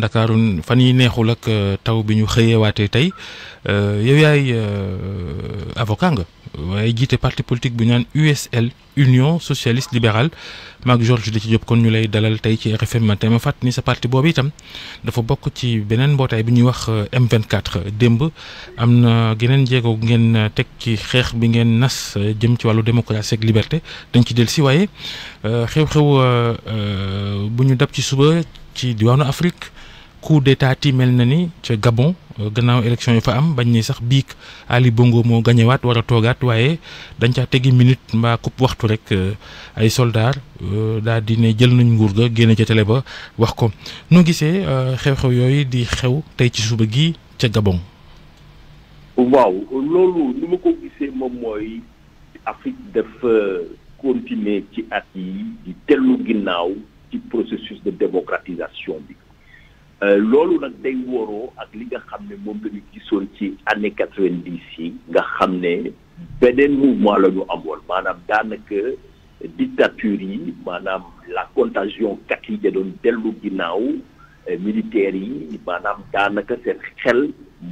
d'accord, fan yi neexul ak euh, taw tay euh yow euh, avocat nga way parti politique bu ñaan USL Union Socialiste Libérale Georges ci jop kon ñu lay dalal tay ci RFM matin ma fat ni sa parti itam dafa bokk ci benen mbotay wax M24 demb amna geneen qui ngeen euh, ci bi nas jëm ci démocratie liberté dañ ci del xew-xew dab ci Afrique coup d'état ti melnani ci Gabon euh, gannaaw élection yi fa am bañ ni sax biig Ali Bongo mo gagné wat wara togat waaye dañ caa tégi minute mbaa kupp waxtu rek euh, ay soldaar euh, da di né jël nañ nguur ga génne télé ba wax ko nu gissé xew-xew yoy di xew tay ci suba gi ci Gabon. waaw lolu ni ko gissé moom moy Afrique def continuer ci at yi di tellu ginnaw ci processus de démocratisation bi. Euh, loolu nag day wóoroo ak li nga xam ne moom la gisoon ci année quatre-vingt-dix yi nga xam ne beneen mouvement la ñu amoon maanaam daanaka dictature yi maanaam la contagion kat yi da doon dellu ginnaaw euh, militaires yi maanaam daanaka seen xel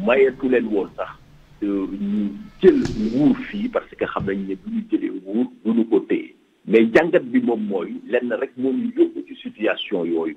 mayatu leen woon sax euh, ñu jël nguur fii parce que xam nañ ne bu ñu jëlee nguur ko téye mais jàngat bi moom mooy lenn rek moom ñu yóbbu ci situation yooyu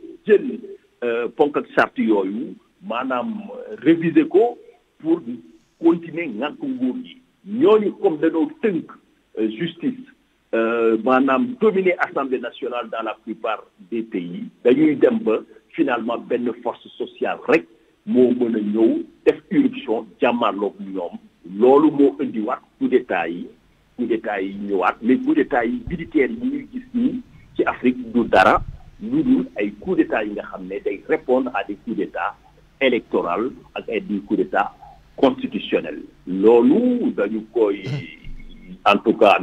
jël euh, ponk ak sart yooyu maanaam réviser ko pour continuer ngànk nguur gi ñooñu comme dañoo tënk euh, justice euh, maanaam dominer assemblée nationale dans la plupart des pays dañuy dem ba finalement benn force sociale rek moo mën a ñëw def irruption jàmmarloog ñoom loolu moo indiwaat coup d'état yi coup d'état yi ñëwaat mais coup d'état yi militaires yi ñuy gis nii ci Afrique du dara nous avons ay coup d'état yi nga xam day répondre à des coups d'état électoraux ak ay des coups d'état constitutionnels. Nous dañu koy en tout cas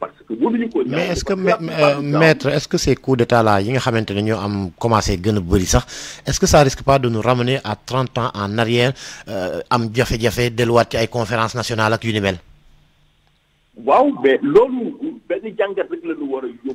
parce que nous ko. mais est-ce que maître est-ce que ces coups d'état là yi nga commencé à faire ça, est-ce que ça ne risque pas de nous ramener à 30 ans en arrière euh, am jafe-jafe delluwaat ci ay conférence nationale ak yu mel. mais nous benn jàngat rek la ñu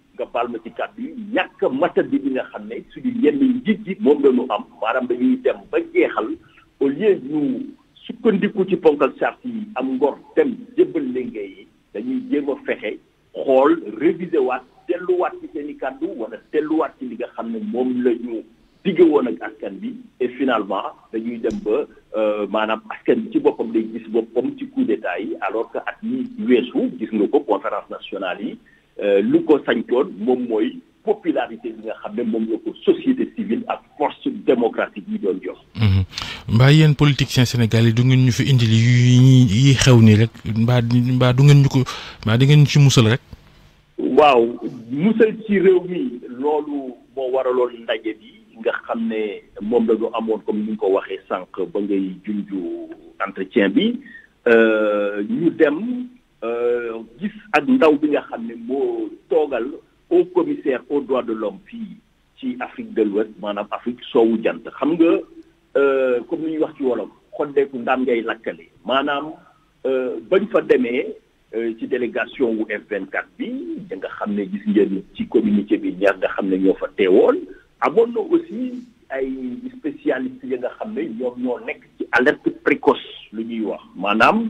nga baal ma ci kàddu yi ñàkk matat bi bi nga xam ne suñu yenn njiit yi moom la am maanaam dañuy dem ba jeexal au lieu ñu sukkandiku ci ponkal charte yi am ngor dem jébbal liggéey yi dañuy jéem a fexe xool réviser waat delluwaat ci seen i kàddu wala delluwaat ci li nga xam ne moom la ñu digge woon ak askan bi et finalement dañuy dem ba euh, maanaam askan bi ci boppam day gis boppam ci coup d'état yi alors que at yi weesu gis nga ko conférence nationale yi Euh, lu ko sañtoon moom mooy popularité bi nga xam ne moom la ko société civile ak force démocratique yi doon jox. Mhm. mbaa yéen politiciens Sénégal yi du ngeen ñu fi indi li yi xew nii rek mbaa mbaa du ngeen ñu ko mbaa di ngeen ci musal rek. waaw musal ci réew mi loolu moo waraloon ndaje bi nga xam ne moom la ñu amoon comme ni ko waxee sànq ba ngay junju entretien bi euh, ñu dem. Euh, gis ak ndaw bi nga xam ne moo toogal au commissaire aux droits de l'homme fii ci Afrique de l'Ouest maanaam Afrique soowu jant xam nga euh, comme ni ñuy wax ci wolof xoddeeku ndam ngay lakkale maanaam euh, bañ fa demee ci délégation wu F24 bi da nga xam ne gis ngeen ci communiqué bi ñaar nga xam ne ñoo fa teewoon amoon na aussi ay spécialistes yi nga xam ne ñoom ñoo nekk ci alerte précoce lu ñuy wax maanaam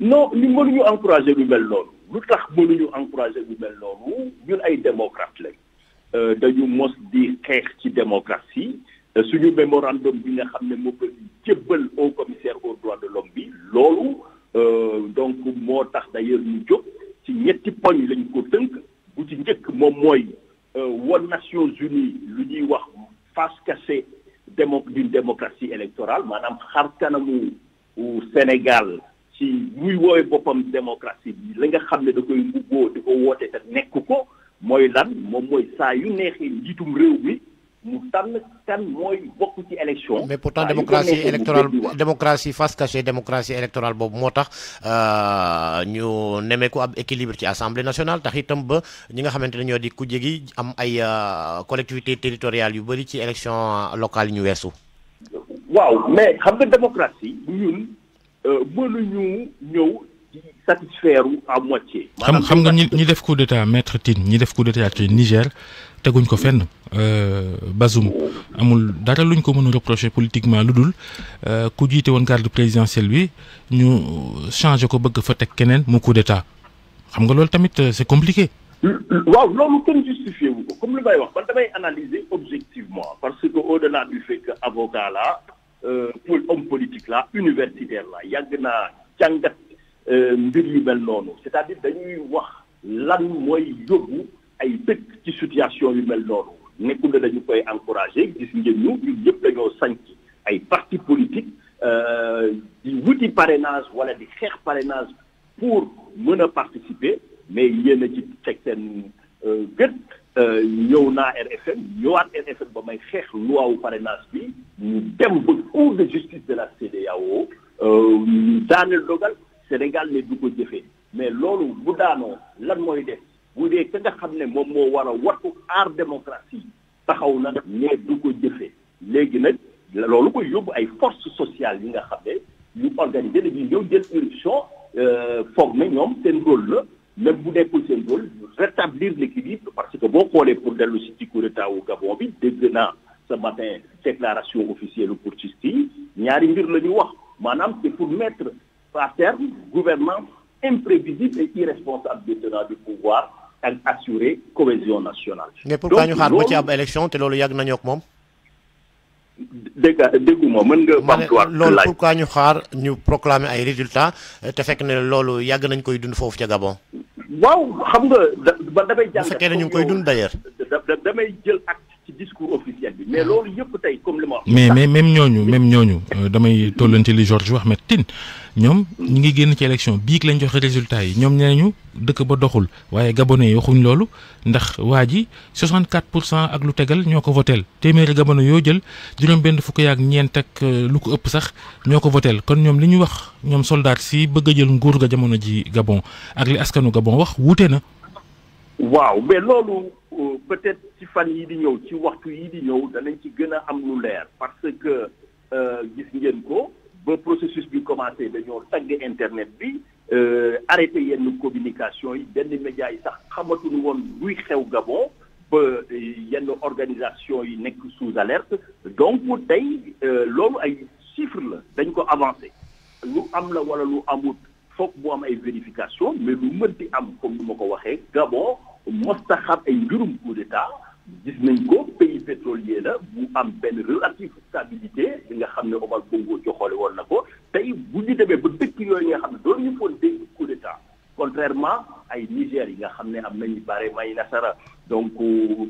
non nous voulons encourager lu mel Nous lu tax encourager lu mel noonu ñun ay démocrate lañ euh, dañu mos di xeex ci démocratie euh, suñu mémorandum bi nga au commissaire aux droits de l'homme bi euh, donc moo tax d'ailleurs ñu jóg ci ñetti lañ ko bu ci Nations Unies lu wax face cassé d'une démocratie électorale Madame xar Sénégal ci muy woowee boppam démocratie bi li nga xam ne da koy mbubboo di ko woote te nekk ko mooy lan moom mooy saa yu neexee njiitum réew mi mu tànn kan mooy bokk ci élection. mais pourtant démocratie électorale électorale boobu moo tax euh, ñu nemmeeku ab équilibre ci assemblée nationale tax itam ba ñi nga xamante ne ñoo di ku jegi am ay euh, collectivités territoriales yu bëri ci élection locale yi ñu weesu. waaw mais xam nga démocratie ñun. Euh, mënuñu ñëw di satisfaire à moitié. xam xam nga ñi def coup d'état maître Tine ñi def coup d'état ci Niger teguñ ko fenn euh, Bazoum amul dara luñ ko mënu nous reprocher politiquement ludul euh ku jité won garde présidentielle bi ñu changé ko bëgg fa tek keneen mu coup d'état xam nga loolu tamit euh, c'est compliqué. waaw loolu kenn justifié wu ko comme li may wax man damay analyser objectivement parce que au-delà du fait que avocat là. Euh, pour homme politique là universitaire là, il y a naa jàngat euh, mbir yu mel non. c'est-à-dire dañuy wax lan mooy yóbbu ay dëkk ci situation yu mel noonu nekkul ne dañu koy encourager gis ngeen ñu ñun yëpp dañoo sanc ay parti politique euh, di wuti parrainage wala di xeex parrainage pour mën participer mais yéen a ci teg seen gët euh, ñëw naa RFM ñëwaat RFM ba may xeex loi parrainage bi ñu dem ba cour de justice de la CEDEAO ñu euh, daaneel dogal Sénégal ne du ko jëfee mais loolu bu daanoo lan mooy def bu dee ka nga xam ne moom moo war a wattu aar démocratie taxaw na ne du ko jëfee léegi nag loolu ko yóbbu ay force sociale yi nga xam ne organiser organisé dañuy ñëw jël éruption euh, foog ne ñoom seen rôle la même bu nekkul seen rôle rétablir l'équilibre parce que boo xoolee pour dellu si ci coup Gabon bi dégg ce matin déclaration officielle pour ci ñaari mbir la ñuy wax maanaam c'est pour mettre à terme gouvernement imprévisible et irresponsable des tenants du pouvoir et assurer cohésion nationale. mais pourquoi ñu xaar ba ci am élection te loolu yàgg nañoo ak moom. dégguma mën nga. bamtuwaat loolu pourquoi ñu xaar ñu proclamer ay résultats te fekk ne loolu yàgg nañ koy dund foofu ca Gabon. waaw xam nga da ba damay. jàng bu fekkee ne ñu ngi koy dund d'ailleurs. damay jël ak. discours officiel bi mais loolu yëpp tey comme li ma wax. mais mais même ñooñu même ñooñu euh, damay tollante li Georges wax mais tin ñoom ñi ngi génn ci élection bii lañ joxe résultat yi ñoom nee dëkk ba doxul waaye gabonais yi waxuñ loolu ndax waa ji 64 pour cent ak lu tegal ñoo ko voteel téeméeri gabonais yoo jël juróom-benn fukk yaak ñeent ak euh, lu ko ëpp sax ñoo ko voteel kon ñoom li ñu wax ñoom soldat si bëgg a jël nguur ga jamono ji Gabon ak li askanu Gabon wax wuute na. waaw mais loolu. Euh, peut-être ci fan yi di ñëw ci waxtu yi di ñëw danañ ci gën a am lu leer parce que euh, gis ngeen ko ba processus bi commencé dañoo tagg internet bi euh, arrêté yenn communication yi benn média yi sax xamatuñu woon luy xew Gabon ba yenn organisation yi nekk sous alerte donc tey loolu ay chiffre la dañ ko avancé lu am la wala lu amut foog mu am ay vérification mais lu mënti am comme ni ma ko waxee Gabon mosta xam ay mbirum coup d'état gis nañ ko pays pétrolier la bu am benn relative stabilité bi nga xam ne Omar Bongo joxoole woon na ko tey bu ñu demee ba dëkk yooyu nga xam ne doon ñu foon dégg coup d'état contrairement ay Niger yi nga xam ne am nañu bare may nasara donc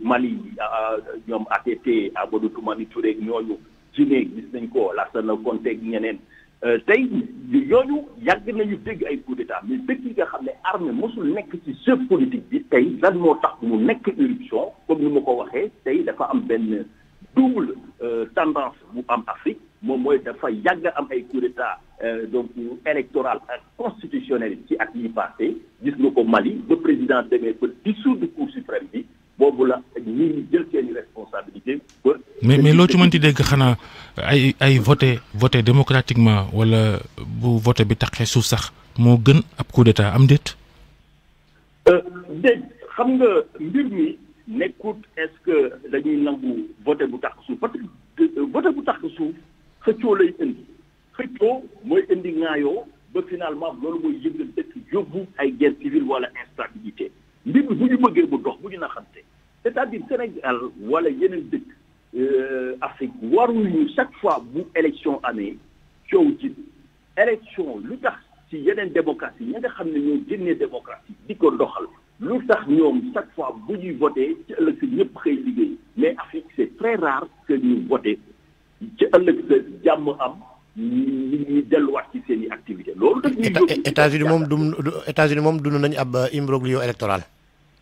Mali ah, ah, ñoom ATT Amadou Toumani Touré ñooñu Guinée gis nañ ko Lassana Conté ak ñeneen Euh, tey yooyu yàgg nañu dégg ay coup d'état mais dëkk yi nga xam ne armée mosul nekk ci jeu politique bi tey lan moo tax mu nekk éruption comme ni ma ko waxee tey dafa am benn double euh, tendance bu am Afrique moom mooy dafa yàgg am ay coup d'état euh, donc électoral ak constitutionnel ci at yi passé gis nga ko Mali ba président demee ba dissoudre cour suprême bi boobu la ñi jël seeni responsabilité ba mais mais loo ci mënti dégg xanaa ay ay voter voter démocratiquement wala bu voter bi taxé suuf sax moo gën ap coup d'état am euh dégg xam nga mbir mi nekout est-ce que dañuy nangu voter bu tax sou parce que euh, voté bu tax sou xëccoo lay indi xëccoo moy indi ŋaayoo ba finalement lolu moy yëngal dëkk yóbbu ay guerre civile wala instabilité mbir mi bu ñu bëggee bu dox bu ñu naxante c'est-à-dire Sénégal wala yeneen dëkk. Euh, Afrique waruñu chaque fois bu élection année amee coow dit élection lu y ci une démocratie ña nga xam ne ñoo génnee démocratie di ko doxal lu tax chaque fois bu ñuy votez, ci ëllëg sa ñëpp mais Afrique c'est très rare que nous voter ci à sa jàmm am ni ñi lois ci seen i activité loolu daf États-Unis moom États-Unis moom dund nañu ab euh, imbroglio électoral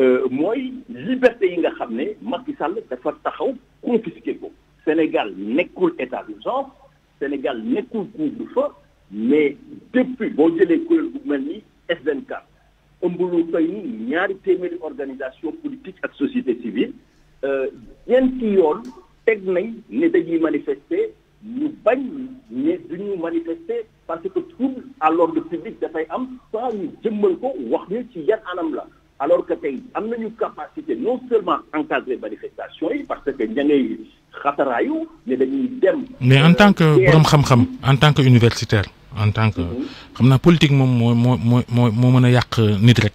Euh, moy liberté yi nga xamné Macky Sall dafa taxaw confisqué ko Sénégal nekul état d'urgence Sénégal nekkul couvre-feu mais depuis bo jëlee kuréel bu mel ni S24 ëmb lu tey ñaari téeméeri organisation politique ak société civile ci euh, yoon teg nañ ne dañuy manifester ñu bañ né duñu manifester parce que trouble à l'ordre public fay am sans ñu jëmmal ko wax ñu ci yan anam la alors que tey am nañu capacité non seulement encadrer manifestation yi parce que ña ngay xataraayu dañuy dem. mais en tant que euh, borom xam-xam en tant que universitaire. en tant que mm-hmm. xamna politique mom mo mo mo moo mën a nit rek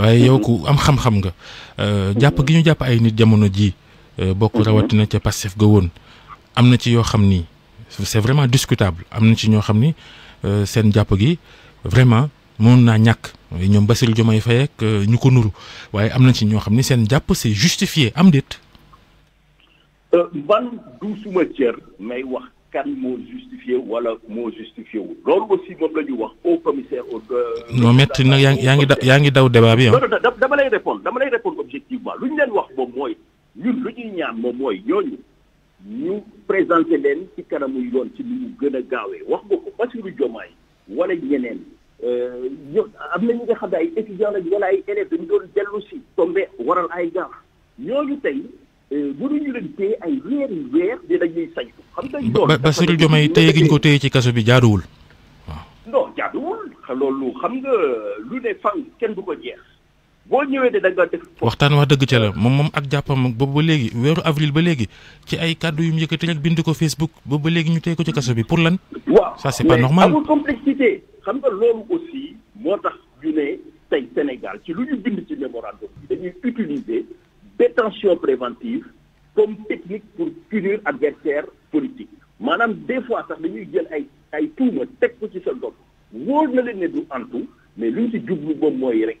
waye yow ku am xam-xam nga euh, jàpp gi ñu japp ay nit jamono euh, bokku mm-hmm. rawati na ci Pastef ga won amna ci yo xamni c'est vraiment discutable amna ci ño xamni euh sen japp gi vraiment mon naa ñak ñoom Bassirou Diomaye Faye ak euh, ñuko nuru waye amna ci ño xamni sen japp c'est justifié am déet. ban euh, du suma tier may wax kan mo justifié wala mo justifié wu loolu aussi mom lañu wax au commissaire au. Euh, non metti nag yaangi yaangi daw débat bi ah. dama lay répondre dama lay répondre objectivement lu ñu leen wax mom moy ñun lu ñaan mom moy ñooñu ñu présenter leen ci kanamu yoon ci ñu gëna gaawé a gaawee wax nga ko Bassirou Diomaye wala ñeneen. ñoom euh, am na ñu nga xam ne ay étudiants lañu wala ay élèves dañu doon dellu si tombé waral ay gaaf ñooñu tey euh, mënuñu leen téye ay weer yu weer dinañuy saytu. xam nga loolu ba Bassirou Diomaye téye gi ñu ko téye ci kaso bi jaaduwul. waaw non jaaduwul loolu xam nga lu ne fang kenn du ko jeex. boo ñëwee de da nga def. waxtaan wax dëgg ca la moom moom ak jàppam boobu ba léegi weeru avril ba léegi ci ay kàddu yu mu yëkkati rek bind ko Facebook boobu ba léegi ñu tey ko ci kaso bi pour lan. waaw ça c'est pas normal amul complexité. xam nga loolu aussi moo tax ñu ne tey Sénégal ci lu ñu bind ci memorandum bi dañuy utiliser détention préventive comme technique pour punir adversaire politique maanaam des fois sax dañuy jël ay ay tuuma teg ko ci sa ndox wóor na leen ne du antu mais luñ ci jublu boobu mooy rek.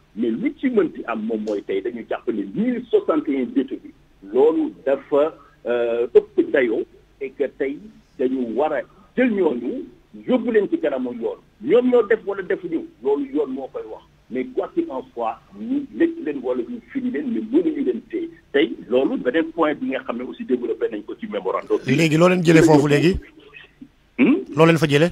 mais lu am moom mooy tey dañu jàpp ne mille soixante et un détenus loolu dafa euh, et que dañu war a jël ñooñu yóbbu leen yoon ñoom ñoo def wala defuñu loolu yoon mais quoi qu'il en soit ñu lekk leen wala ñu fini leen mais mënuñu leen nous tey loolu point bi nga xam aussi développé nañ ko ci mémorandum léegi loo leen jëlee foofu léegi. Hmm? loo leen fa jëlee.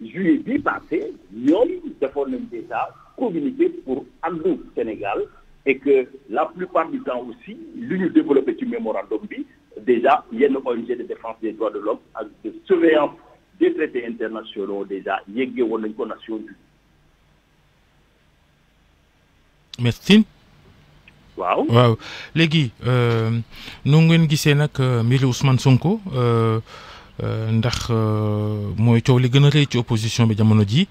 jeudi passé nous avons déjà communiqué pour Andou Sénégal et que la plupart du temps aussi l'Union développée du mémorandum, déjà, il y déjà une ONG de défense des droits de l'homme avec de surveillance des traités internationaux déjà il y a une Nations Unies. merci. Wow. Légui, euh, nous avons gisee que euh, mbiri Ousmane Sonko. Euh, euh, ndax euh, mooy coow li gën a rëy ci opposition bi jamono ji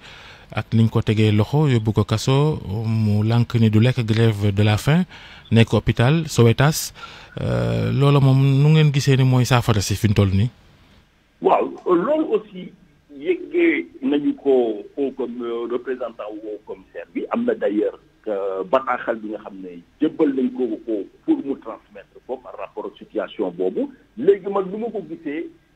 ak niñ ko tegee loxo yóbbu ko kaso mu lànk ni du lekk grève de la faim nekk hôpital Sowetas euh, loola moom nu ngeen gisee ni mooy saafara si fi ñu toll nii. waaw loolu aussi yëggee nañu ko au comme représentant au commissaire bi am na d'ailleurs bataaxal bi nga xam ne jëbbal nañ ko ko pour mu transmettre comme par rapport situation boobu léegi man lu ma ko gisee.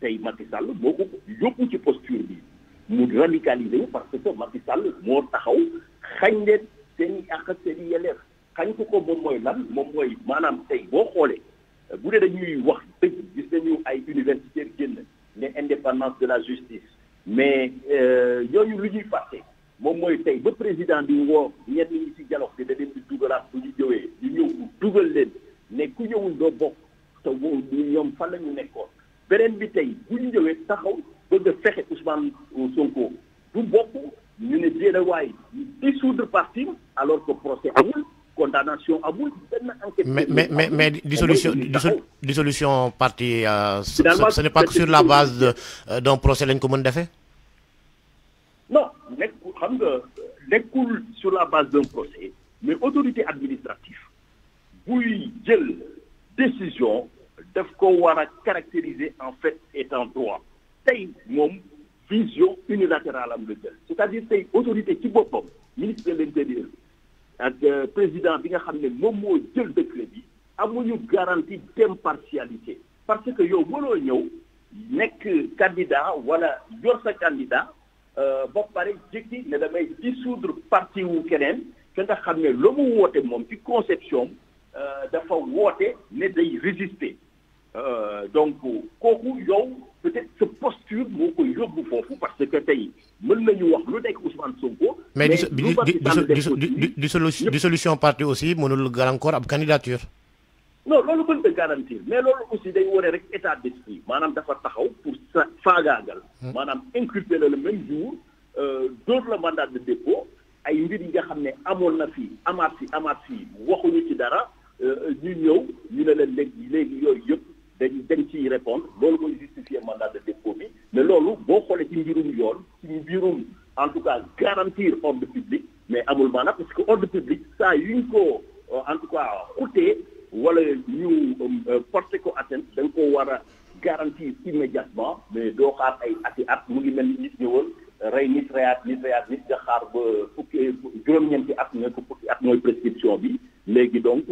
tey Macky Sall moo ko yóbbu ci posture bi mu radicalisé parce que Macky Sall moo taxaw xañ leen seen i àq seen i yelleef xañ ko ko moom mooy lan moom mooy maanaam tey boo xoolee bu dee dañuy wax dëgg gis nañu ay universitaires génn ne indépendance de la justice mais ñooñu euh, lu ñuy fàtte moom mooy tey ba président di woo ñenn ñi ci dialogue bi da leen di dugalaat bu ñu ñëwee ñu ñëw dugal leen ne ku ñëwul doo bokk te ñoom fan la ñu nekkoon beneen bi tey bu ñu ñëwee taxaw bëgg a fexe Ousmane Sonko du bokk ñu ne déedéet waaye dissoudre parti alors que procès amul condamnation amul benn enquête. mais mais mais dissolution dissolution parti. Euh, ce n'est pas que sur la base euh, d'un procès lañ ko mën defee. non nekk xam nga nekkul sur la base d'un procès mais autorité administrative buy jël décision daf ko war a caractériser en fait est en droit tey moom vision unilatérale am la jël c'est-à-dire tey autorité ci boppam ministre de l'intérieur bi ak euh, président bi nga xam ne moom moo jël décret bi amuñu garantie d'impartialité parce que yow mënoo ñëw nekk candidat wala yor sa candidat euh, ba pare mais ne damay dissoudre parti wu keneen ka nga xam ne lu mu woote moom ci conception euh, dafa woote ne day résister donc kooku yow peut-être sa posture moo koy yóbbu foofu parce que tey mën nañu wax lu nekk Ousmane Sonko. mais dissolution parti aussi mënul gàllankoor ab candidature. non loolu mën na garantir mais loolu aussi day wone rek état d'esprit maanaam dafa taxaw pour sa faagaagal. Hmm. maanaam inculper la le même jour euh, dóor la mandat de dépôt ay mbir yi nga xam ne amoon na fi amaat fi amaat fi waxuñu ci dara euh, ñu ñëw ñu ne leen léegi léegi dañ dañ ciy répondre loolu mooy justifier mandat de dépôt bi mais loolu boo xoolee ci mbirum yoon ci mbirum en tout cas garantir ordre public mais amul maanaam parce que ordre public saa yuñ ko euh, en tout cas xutee wala ñu euh, euh, porter ko atteinte da nga ko war a garantir immédiatement mais doo xaar ay ati at mu ngi mel ni nit ñëwoon rey nit reyaat nit reyaat nit nga xaar ba fukki juróom-ñeenti at nga ko fukki at mooy prescription bi léegi donc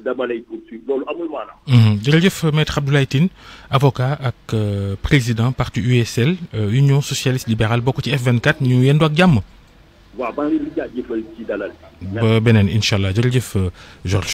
dama lay poursuivre loolu amul maanaam. Mhm. jërëjëf maître Abdoulaye Tine avocat ak euh, président parti USL euh, Union socialiste libérale bokk ci F24 ñu yëndoo ak jàmm. waaw ba ngi leen di jaajëfal ci dalal. ba beneen incha allah jërëjëf euh, Georges.